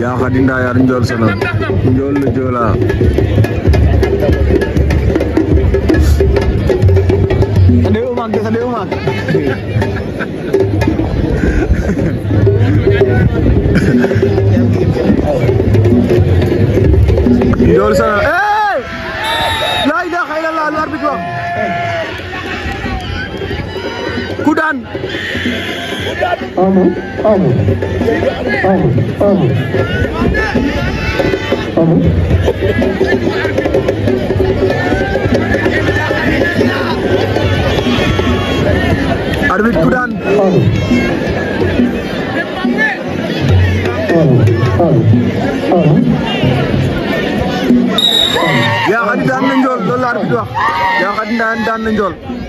Ya Ndayar Ndiol Sono Ndiol la Joola Ade umak des ade umak Ndiol Sono Hey La ilaha illallah l'arbitre wax Kudan, kudan. Amu amu Arbit Kudan. Yaa Khady daan na njool loolu la arbit wax Yaa Khady